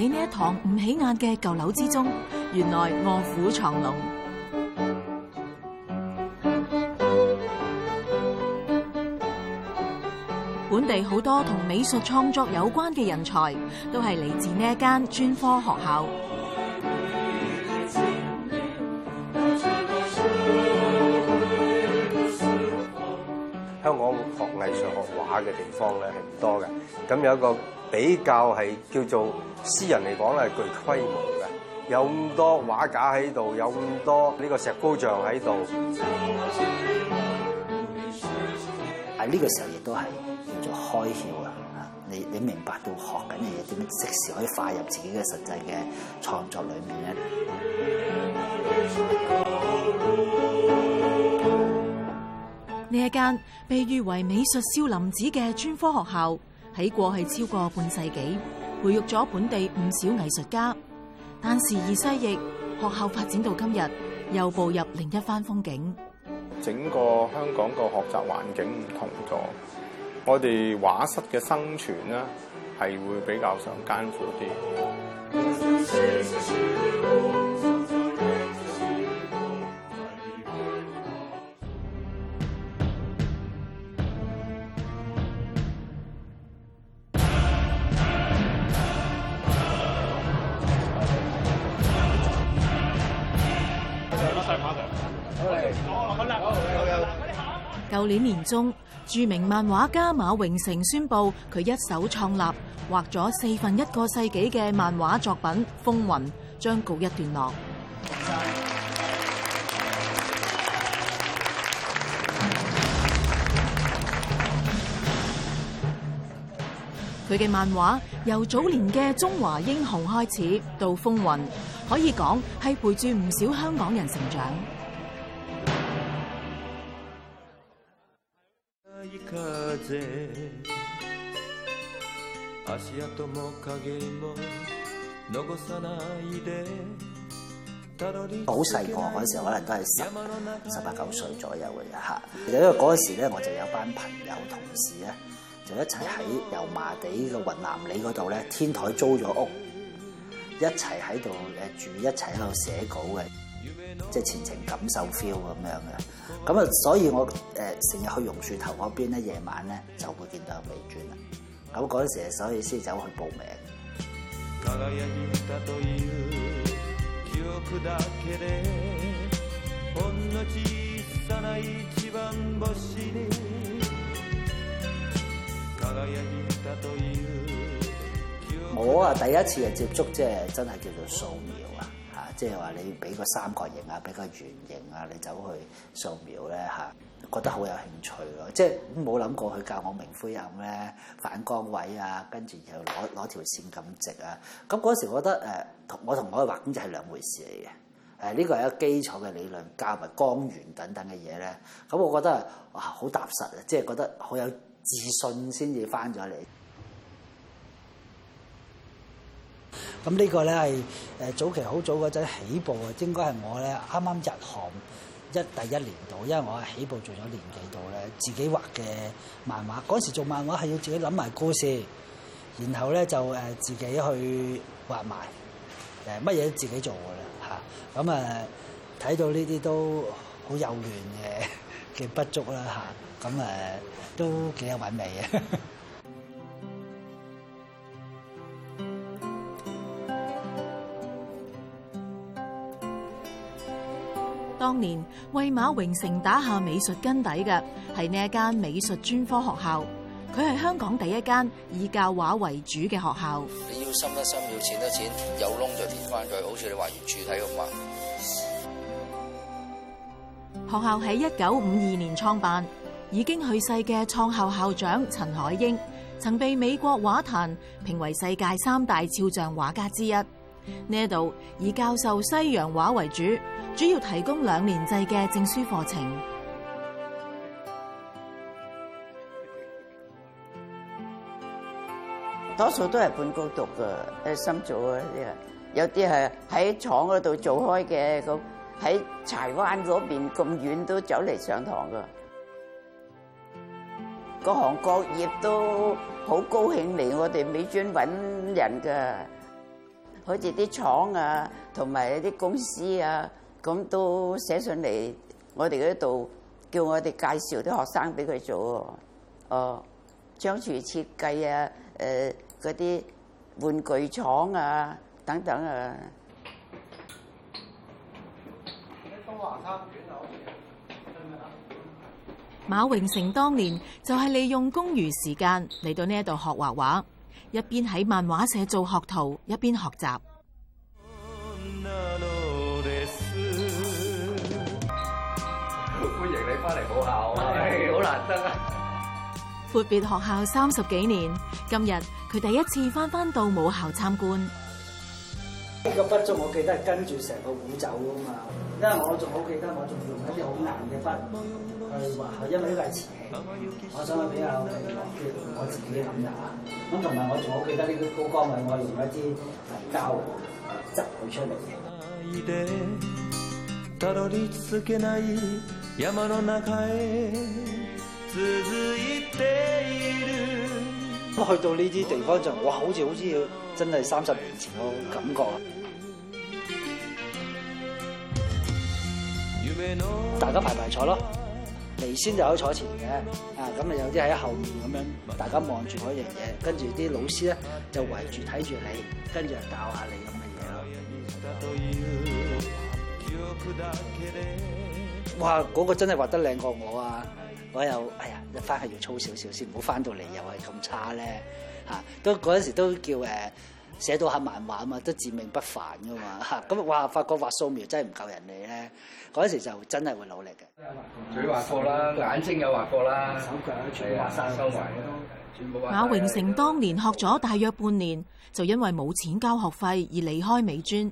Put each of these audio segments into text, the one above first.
喺呢一幢唔起眼嘅舊樓之中，原來臥虎藏龍。本地好多同美術創作有關嘅人才，都係嚟自呢間專科學校。香港學藝術學畫嘅地方咧係唔多嘅，咁有一個。比較係叫做私人嚟講咧，係具規模嘅，有咁多畫架喺度，有咁多呢個石膏像喺度。喺呢個時候亦都係叫做開竅啊！你你明白到學緊嘅嘢點樣即時可以化入自己嘅實際嘅創作裏面咧？呢 一間被譽為美術少林寺嘅專科學校。喺過去超過半世紀，培育咗本地唔少藝術家，但時移世易，學校發展到今日，又步入另一番風景。整個香港個學習環境唔同咗，我哋畫室嘅生存咧，係會比較上艱苦啲。嗯嗯嗯嗯。舊年年中，著名漫畫家馬榮成宣布，佢一手創立、畫咗四分一個世紀嘅漫畫作品《風雲》將告一段落。佢嘅漫畫由早年嘅《中華英雄》開始到《風雲》，可以講係陪住唔少香港人成長。好細個嗰陣時候，可能都係十十八九歲左右嘅人吓。其實因為嗰陣時咧，我就有班朋友同事咧,就一齊喺油麻地個雲南里嗰度咧，天台租咗屋，一齊喺度誒住，一齊喺度寫稿嘅。即係前程感受 feel 咁樣嘅，咁啊，所以我誒成日去榕樹頭嗰邊咧，夜晚咧就會見到美專啦。咁嗰陣時啊，所以先走去報名。我啊第一次啊接觸，即係真係叫做素描。即係話你俾個三角形啊，俾個圓形啊，你走去素描咧嚇，覺得好有興趣咯。即係冇諗過去教我明灰暗咧、反光位啊，跟住又攞攞條線咁直啊。咁嗰時我覺得誒，同我同我嘅畫工就係兩回事嚟嘅。誒呢個係一個基礎嘅理論，加埋光源等等嘅嘢咧。咁我覺得哇，好踏實啊，即係覺得好有自信先至翻咗嚟。咁呢個咧係誒早期好早嗰陣起步啊，應該係我咧啱啱入行，一第一年度，因為我係起步做咗年幾度咧，自己畫嘅漫畫。嗰時做漫畫係要自己諗埋故事，然後咧就誒自己去畫埋，乜嘢都自己做㗎啦。咁啊睇到呢啲都好幼嫩嘅嘅不足啦。咁誒都幾有韻味年為馬榮成打下美術根底嘅係呢一間美術專科學校，佢係香港第一間以教畫為主嘅學校。你要深得深，要淺得淺，有窿就填翻佢，好似你畫完主體咁畫。學校喺一九五二年創辦，已經去世嘅創校校長陳海鷹曾被美國畫壇評為世界三大肖像畫家之一。呢度以教授西洋畫為主，主要提供兩年制嘅證書課程。多數都係半工讀嘅，喺深造啊啲啊，有啲係喺廠嗰度做開嘅，咁喺柴灣嗰邊咁遠都走嚟上堂噶。各行各業都好高興嚟我哋美專搵人噶。好似啲廠啊，同埋啲公司啊，咁都寫上嚟我哋嗰度，叫我哋介紹啲學生俾佢做，啊、哦，裝飾設計啊，誒嗰啲玩具廠啊，等等啊。馬榮成當年就係利用工餘時間嚟到呢一度學畫畫。一邊喺漫畫社做學徒，一邊學習。歡迎你翻嚟母校，好，哎，難得啊！闊別學校三十幾年，今日佢第一次翻返到母校參觀。呢、這個筆觸我記得係跟住成個碗走㗎嘛，因為我仲好記得我仲用一啲好硬嘅筆去畫，因為呢個係瓷器，我想去比較平啲，我自己諗下，咁同埋我仲好記得呢個高光位，我用一啲泥膠執佢出嚟。嘅、嗯。咁去到呢啲地方就，哇！好似好似要真係三十年前嘅感覺。啊！ 大家排排坐咯，微先就喺坐前嘅，啊咁啊有啲喺後面。咁樣，大家望住嗰樣嘢，跟住啲老師咧就圍住睇住你，跟住就教下你咁嘅嘢咯。哇！嗰、嗰個真係畫得靚過我啊！我又哎呀，一翻去要粗少少先，不要回來，唔好翻到嚟又係咁差咧嚇。都嗰陣時都叫誒寫到下漫畫啊嘛，都自命不凡噶嘛嚇。咁話發覺畫素描真係唔夠人哋咧，嗰陣時就真係會努力嘅。嘴畫過啦，眼睛有畫過啦，手腳都全部畫晒，收埋嘅都全部畫，全部畫。馬榮成當年學咗大約半年，就因為冇錢交學費而離開美專。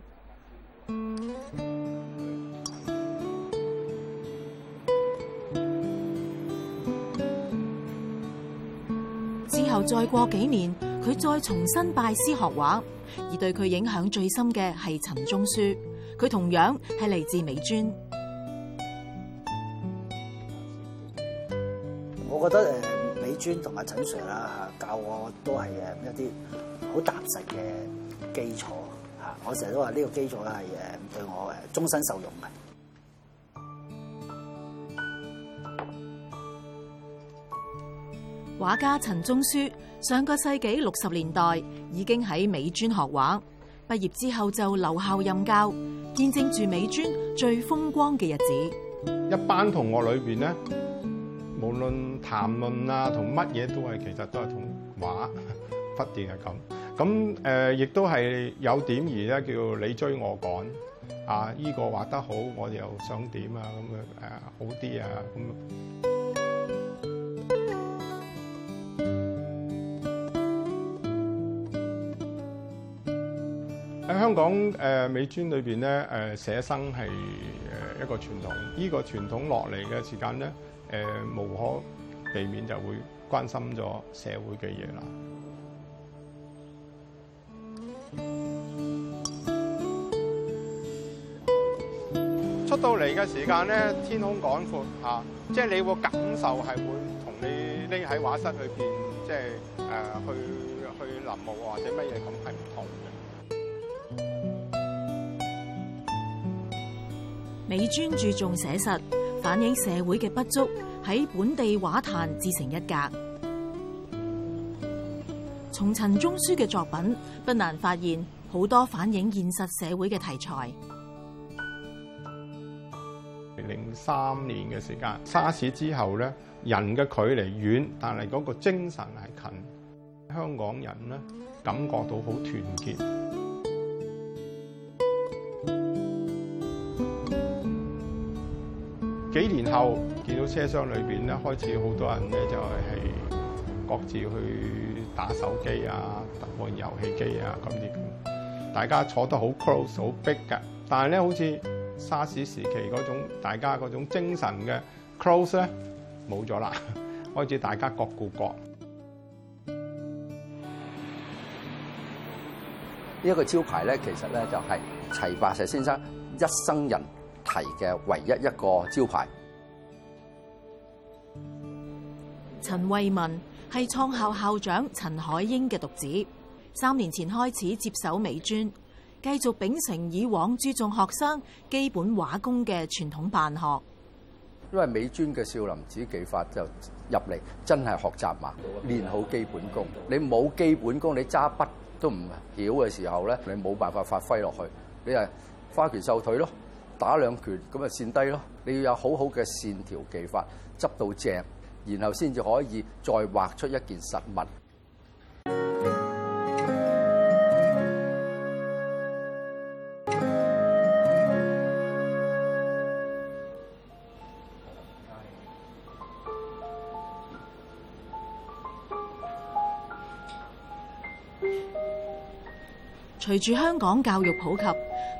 再過幾年，佢再重新拜師學畫，而對佢影響最深嘅係陳中樞，佢同樣係嚟自美專。我覺得誒，美專同阿陳 Sir 啦，教我都係一啲好踏實嘅基礎吓，我成日都話呢個基礎咧係誒對我誒終身受用嘅。畫家陳中樞上個世紀六十年代已經喺美專學畫，畢業之後就留校任教，見證住美專最風光嘅日子。一班同學裏邊咧，無論談論啊同乜嘢都係，其實都係同畫忽電係咁。咁誒，亦、呃、都係有點而咧叫你追我趕啊！依、這個畫得好，我又想點啊？咁樣誒，好啲啊咁。喺香港誒，美專裏邊咧，誒寫生係誒一個傳統呢、這個傳統落嚟嘅時間咧，誒、呃、無可避免就會關心咗社會嘅嘢啦。出到嚟嘅時間咧，天空廣闊嚇，即、啊、係、就是，你會感受係會同你匿喺畫室裏邊，即係誒去去臨摹或者乜嘢咁係唔同嘅。美專注重寫實，反映社會嘅不足，喺本地畫壇自成一格。從陳中樞嘅作品，不難發現好多反映現實社會嘅題材。零三年嘅時間，沙士之後咧，人嘅距離遠，但係嗰個精神係近。香港人咧，感覺到好團結。幾年後見到車廂裏邊咧，開始好多人咧就係各自去打手機啊、玩遊戲機啊咁啲。大家坐得好 close、好逼㗎，但係咧好似沙士時期嗰種大家嗰種精神嘅 close 咧冇咗啦，開始大家各顧各。一、呢個招牌咧，其實咧就係齊白石先生一生人提嘅唯一一個招牌。陳慧文係創校校長陳海鷹嘅獨子，三年前開始接手美專繼續秉承以往注重學生基本畫功嘅傳統辦學，因為美專嘅少林寺技法就入嚟，真係學習嘛，練好基本功。你冇基本功，你揸筆都唔曉嘅時候咧，你冇辦法發揮落去。你係花拳繡腿咯。打兩拳咁咪線低咯。你要有好好嘅線條技法，執到正，然後先至可以再畫出一件實物。住香港教育普及，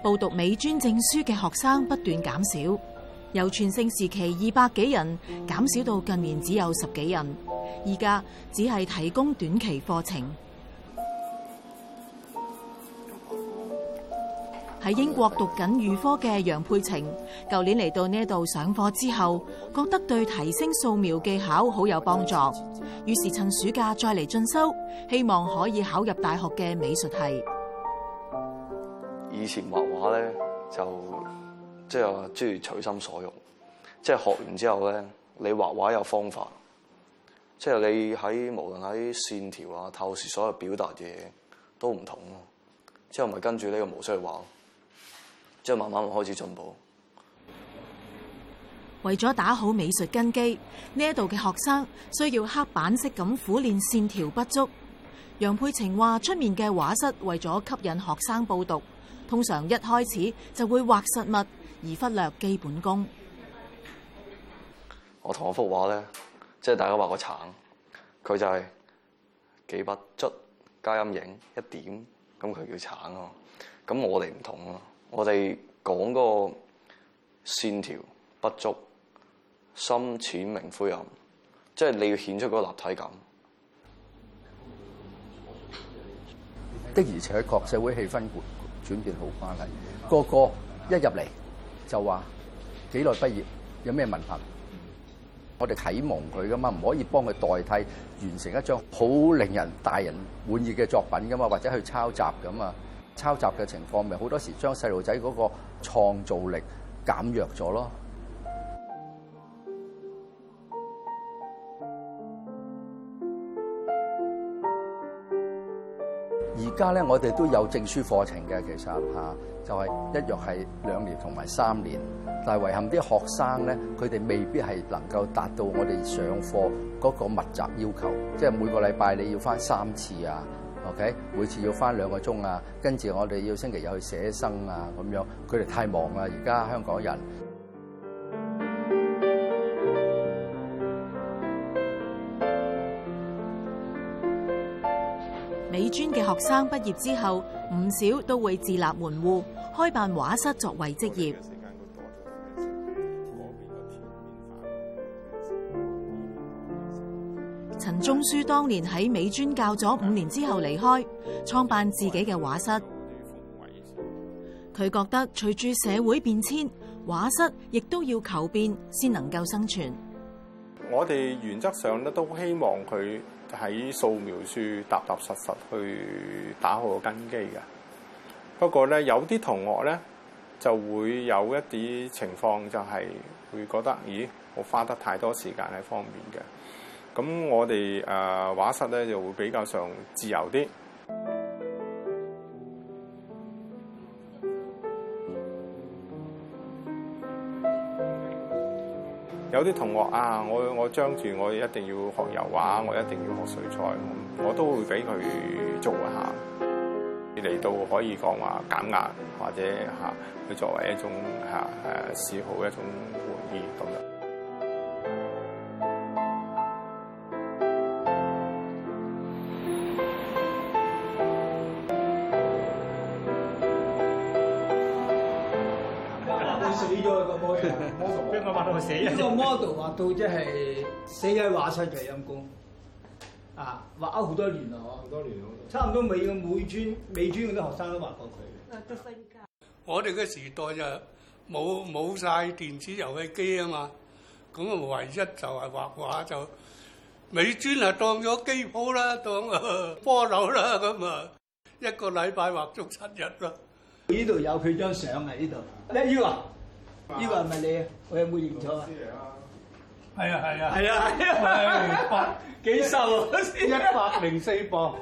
報讀美專證書嘅學生不斷減少，由全盛時期二百幾人減少到近年只有十幾人。而家只係提供短期課程。喺 英國讀緊預科嘅楊佩晴，舊年嚟到呢度上課之後，覺得對提升素描技巧好有幫助，於是趁暑假再嚟進修，希望可以考入大學嘅美術系。以前畫畫咧就即係話即係隨心所欲，即、就、係、是、學完之後咧，你畫畫有方法，即、就、係、是、你喺無論喺線條啊、透視所有表達嘅嘢都唔同咯。之後咪跟住呢個模式去畫，之後慢慢就開始進步。為咗打好美術根基，呢一度嘅學生需要黑板式咁苦練線條不足。楊佩晴話：出面嘅畫室為咗吸引學生報讀。通常一開始就會畫實物而忽略基本功。我同我幅畫咧，即係大家畫個橙，佢就係幾筆卒，加陰影一點，咁佢叫橙咯。咁我哋唔同咯，我哋講個線條不足、深淺明灰暗，即係你要顯出嗰個立體感。的而且確社會氣氛緩。轉變好關係，個個一入嚟就話幾耐畢業，有咩文憑？我哋啟蒙佢㗎嘛，唔可以幫佢代替完成一張好令人大人滿意嘅作品㗎嘛，或者去抄襲㗎嘛？抄襲嘅情況咪好多時將細路仔嗰個創造力減弱咗咯。而家咧，我哋都有證書課程嘅，其實嚇，就係一樣係兩年同埋三年，但係遺憾啲學生咧，佢哋未必係能夠達到我哋上課嗰個密集要求，即係每個禮拜你要翻三次啊，OK，每次要翻兩個鐘啊，跟住我哋要星期日去寫生啊咁樣，佢哋太忙啦，而家香港人。專嘅學生畢業之後，唔少都會自立門戶，開辦畫室作為職業。陳中樞當年喺美專教咗五年之後離開，創辦自己嘅畫室。佢覺得隨住社會變遷，畫室亦都要求變，先能夠生存。我哋原則上咧都希望佢。喺素描書踏踏實實去打好個根基嘅，不過咧有啲同學咧就會有一啲情況，就係會覺得，咦，我花得太多時間喺方面嘅。咁我哋誒畫室咧就會比較上自由啲。有啲同學啊，我我將住我一定要學油畫，我一定要學水彩，我都會俾佢做下嚟、啊、到可以講話減壓，或者嚇佢、啊、作為一種嚇誒嗜好一種玩意咁樣。畫到佢死，呢個 model 畫到即係死喺畫，畫室。就陰功啊！畫咗好多年啦，嗬！好多年，差唔多未美美專美專嗰啲學生都畫過佢。都瞓覺。我哋嘅時代就冇冇曬電子遊戲機啊嘛，咁啊唯一就係畫畫，就美專啊當咗機鋪啦，當啊波樓啦，咁啊一個禮拜畫足七日啦。呢度有佢張相喺呢度。你要啊？呢個係咪你啊？我有冇認錯啊？係啊係啊係啊！幾瘦啊？一百零四磅。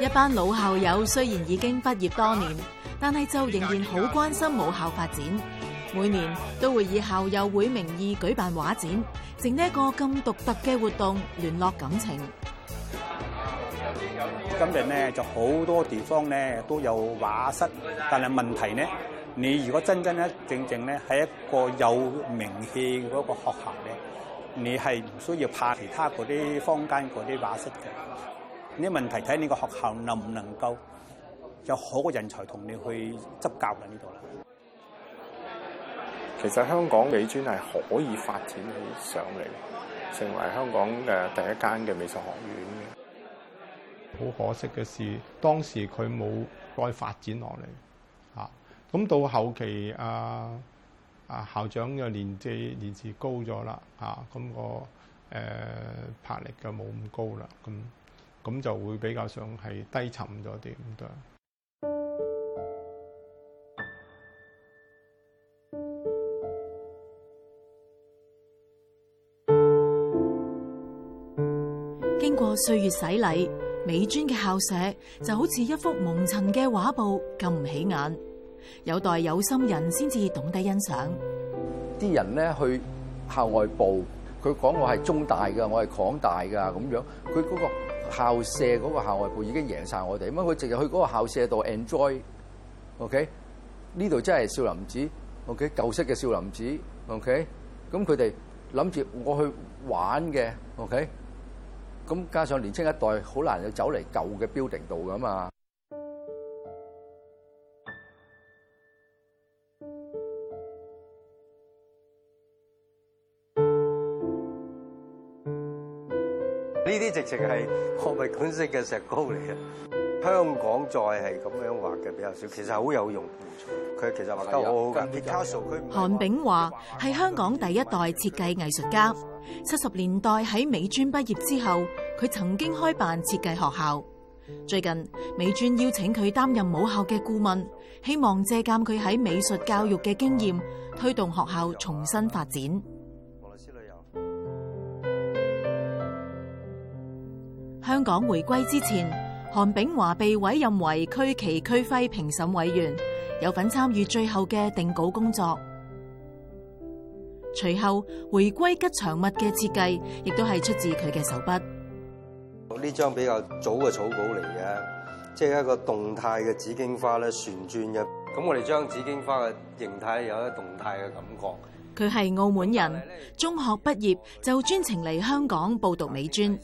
一班老校友雖然已經畢業多年，但係就仍然好關心母校發展。每年都會以校友會名義舉辦畫展，整呢一個咁獨特嘅活動聯絡感情。今日咧就好多地方咧都有畫室，但係問題咧，你如果真真咧正正咧喺一個有名氣個學校咧，你係唔需要怕其他嗰啲坊間嗰啲畫室嘅。呢、這個、問題睇你個學校能唔能夠有好嘅人才同你去執教喺呢度啦。其實香港美專係可以發展起上嚟，成為香港嘅第一間嘅美術學院嘅。好可惜嘅事，當時佢冇再發展落嚟。嚇、啊，咁到後期啊，啊校長嘅年紀年紀高咗啦，嚇、啊，咁、那個誒、呃、魄力就冇咁高啦，咁咁就會比較上係低沉咗啲咁多。歲月洗禮，美專嘅校舍就好似一幅蒙塵嘅畫布，咁唔起眼，有待有心人先至懂得欣賞。啲人咧去校外部，佢講我係中大噶，我係廣大噶咁樣，佢嗰個校舍嗰個校外部已經贏晒我哋，因為佢成日去嗰個校舍度 enjoy，OK，呢度真係少林寺，OK，舊式嘅少林寺，OK，咁佢哋諗住我去玩嘅，OK。咁加上年青一代好難有走嚟舊嘅標定度噶嘛，呢啲直情係博物館式嘅石膏嚟嘅。香港再係咁樣畫嘅比較少，其實好有用，佢其實畫得好好嘅，嗯。韓秉華係香港第一代設計藝術家，七、嗯、十年代喺美專畢業之後，佢曾經開辦設計學校。最近美專邀請佢擔任母校嘅顧問，希望借鑑佢喺美術教育嘅經驗，推動學校重新發展。王老旅遊，香港回歸之前。韓秉華被委任為區旗區徽評審委員，有份參與最後嘅定稿工作。隨後回歸吉祥物嘅設計，亦都係出自佢嘅手筆。呢張比較早嘅草稿嚟嘅，即係一個動態嘅紫荊花咧，旋轉嘅。咁我哋將紫荊花嘅形態有一動態嘅感覺。佢係澳門人，中學畢業就專程嚟香港報讀美專。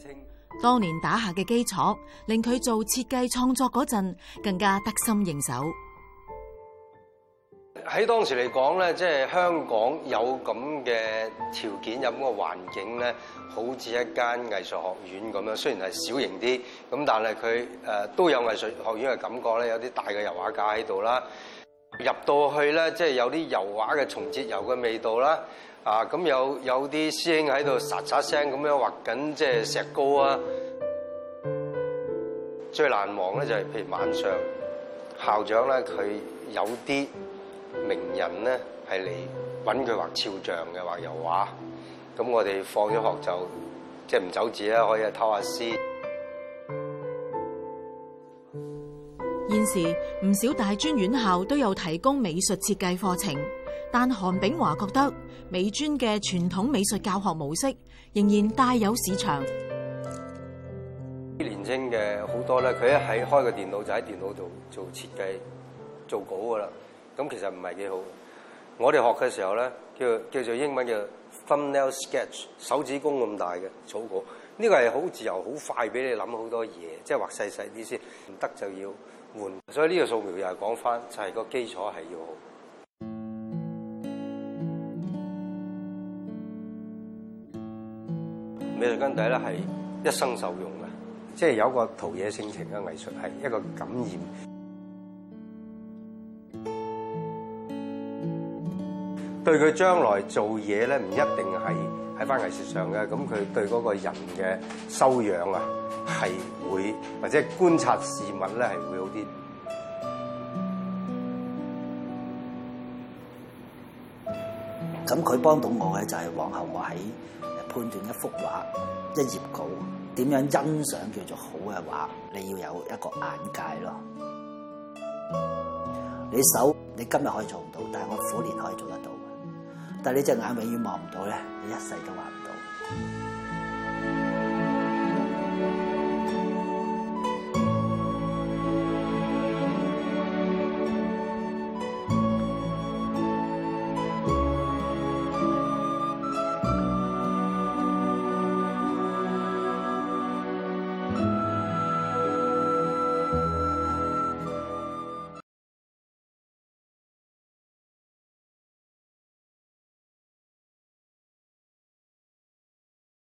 當年打下嘅基礎，令佢做設計創作嗰陣更加得心應手。喺當時嚟講咧，即係香港有咁嘅條件，有咁嘅環境咧，好似一間藝術學院咁樣。雖然係小型啲，咁但係佢誒都有藝術學院嘅感覺咧，有啲大嘅油畫架喺度啦。入到去咧，即係有啲油畫嘅松節油嘅味道啦。啊！咁有有啲師兄喺度沙沙聲咁樣畫緊，即係石膏啊！最難忘咧，就係譬如晚上校長咧，佢有啲名人咧係嚟揾佢畫肖像嘅，畫油畫。咁我哋放咗學就即係唔走字啦，可以偷下師。現時唔少大專院校都有提供美術設計課程。但韓秉華覺得美專嘅傳統美術教學模式仍然帶有市場。啲年青嘅好多咧，佢一喺開個電腦就喺電腦度做設計、做稿噶啦。咁其實唔係幾好。我哋學嘅時候咧，叫叫做英文叫 thumbnail sketch，手指公咁大嘅草稿。呢個係好自由、好快，俾你諗好多嘢，即係畫細細啲先，唔得就要換。所以呢個素描又係講翻，就係個基礎係要好。美術根底咧係一生受用嘅，即係有個陶冶性情嘅藝術，係一個感染。對佢將來做嘢咧，唔一定係喺翻藝術上嘅，咁佢對嗰個人嘅修養啊，係會或者觀察事物咧，係會好啲。咁佢幫到我嘅就係往後我喺。判斷一幅畫、一頁稿點樣欣賞叫做好嘅畫，你要有一個眼界咯。你手你今日可以做唔到，但係我苦練可以做得到。但係你隻眼永遠望唔到咧，你一世都畫唔到。